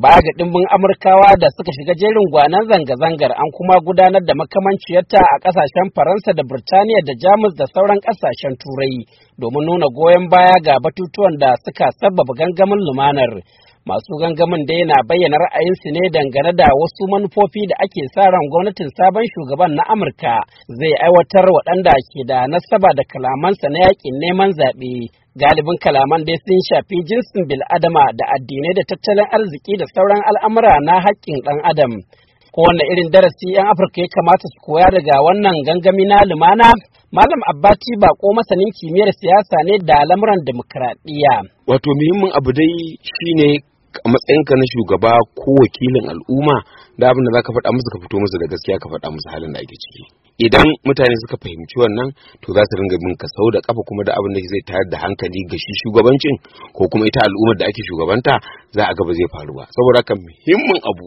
baya ga ɗimbin amurkawa da suka shiga jerin gwanan zanga-zangar an kuma gudanar da makamanciyarta a ƙasashen faransa da birtaniya da jamus da sauran ƙasashen turai domin nuna goyon baya ga batutuwan da suka sababa gangamin lumanar masu gangamin dai na bayyana ra'ayinsu ne dangane da wasu manufofi da ake sa ran gwamnatin sabon shugaban na amurka zai aiwatar waɗanda ke da nasaba da kalamansa na yakin neman zaɓe galibin kalaman dai sun shafi jinsin bil'adama da addinai da tattalin arziki da sauran al'amura na haƙƙin ɗan adam kowane irin darasi 'yan afirka ya kamata su koya daga wannan gangami na lumana malam abbati ba ko masanin kimiyyar siyasa ne da lamuran demokradiyya wato muhimmin abu dai shine a matsayinka na shugaba ko wakilin al'umma da abin da zaka faɗa musu ka fito musu da gaskiya ka faɗa musu halin da ake ciki idan mutane suka fahimci wannan to za su ringa bin kasau da kafa kuma da abin da zai tayar da hankali ga shi shugabancin ko kuma ita al'ummar da ake shugabanta za a gaba zai faru ba saboda haka muhimmin abu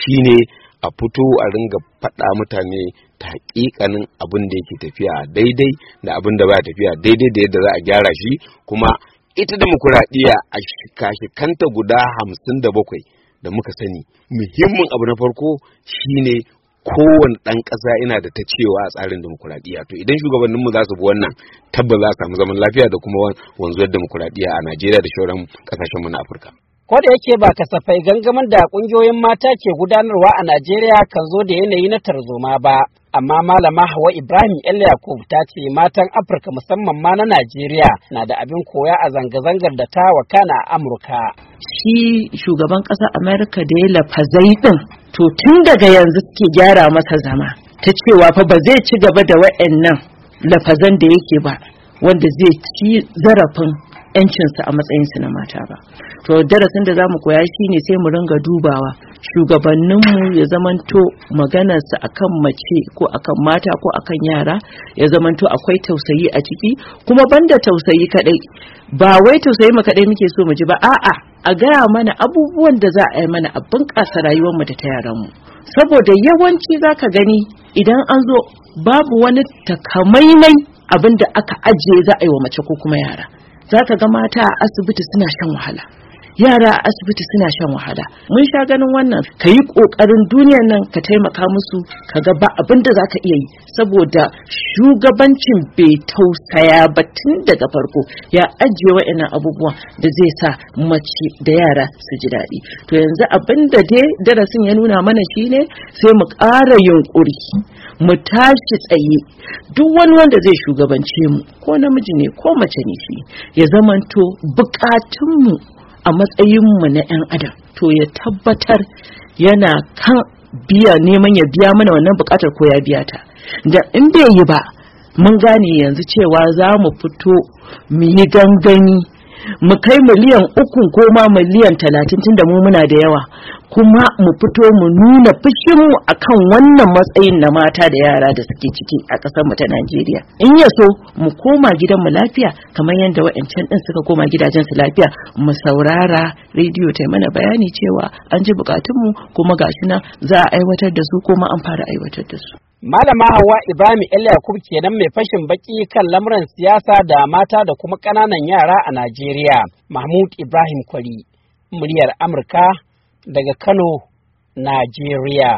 shine a fito a ringa faɗa mutane ta hakikanin abin da yake tafiya daidai da abin da ba tafiya daidai da yadda za a gyara shi kuma ita demokuraɗiyya a shikashikanta guda hamsin da bakwai da muka sani muhimmin abu na farko shine kowane ɗan ƙasa ina da ta cewa a tsarin demokuraɗiyya to idan shugabanninmu za su bi wannan tabbas za su samu zaman lafiya da kuma wanzuwar demokuraɗiyya a najeriya da sauran ƙasashenmu na afirka ko da yake ba kasafai gangamin da ƙungiyoyin mata ke gudanarwa a Najeriya kan zo da yanayi na tarzoma ba amma malama Hawa Ibrahim El Yakub ta ce matan Afirka musamman ma na Najeriya na da abin koya a zanga-zangar da ta wakana a Amurka shi shugaban ƙasa Amerika da ya lafa zaidin to tun daga yanzu suke gyara masa zama ta cewa fa ba zai ci gaba da wa'annan lafazan da yake ba wanda zai ci zarafin yancinsa a matsayinsu na mata ba to darasin da za mu koya shine sai mu ringa dubawa shugabanninmu ya zamanto maganarsa akan mace ko akan mata ko akan yara ya zamanto akwai tausayi a ciki kuma banda tausayi kadai ba wai tausayi mu kadai muke so mu ji ba a'a a gaya mana abubuwan da za a yi mana a ƙasa rayuwarmu da ta yaranmu saboda yawanci za ka gani idan an zo babu wani takamaimai abin da aka ajiye za a yi wa mace ko kuma yara za ka ga mata a asibiti suna shan wahala yara a asibiti suna shan wahala mun sha ganin wannan ka yi ƙoƙarin duniyan nan ka taimaka musu ka ga ba abin da za ka iya yi saboda shugabancin bai tausaya ba tun daga farko ya ajiye wa'annan abubuwa da zai sa mace da yara su ji daɗi to yanzu abin da dai darasin ya nuna mana shi ne sai mu ƙara yunƙuri mu tashi tsaye duk wani wanda zai shugabance mu ko namiji ne ko mace ne shi ya zamanto buƙatunmu a matsayinmu na 'yan adam to ya tabbatar yana kan biya neman ya biya mana wannan bukatar ko ya biya ta da in bai yi ba mun gane yanzu cewa za mu fito mu yi gangani mu kai miliyan uku ko ma miliyan talatin tun da mu muna da yawa kuma mu fito mu nuna fushinmu akan wannan matsayin na mata da yara da suke ciki a ƙasar mu ta Najeriya in ya so mu koma gidan mu lafiya kamar yadda wa'ancan din suka koma gidajen su lafiya mu saurara rediyo ta mana bayani cewa an ji bukatunmu kuma gashi nan za a aiwatar da su kuma an fara aiwatar da su Malama Hauwa Ibrahim Ella Yakub kenan mai fashin baki kan lamuran siyasa da mata da kuma ƙananan yara a Najeriya. Mahmud Ibrahim Kwari, muryar Amurka daga Kano, Najeriya.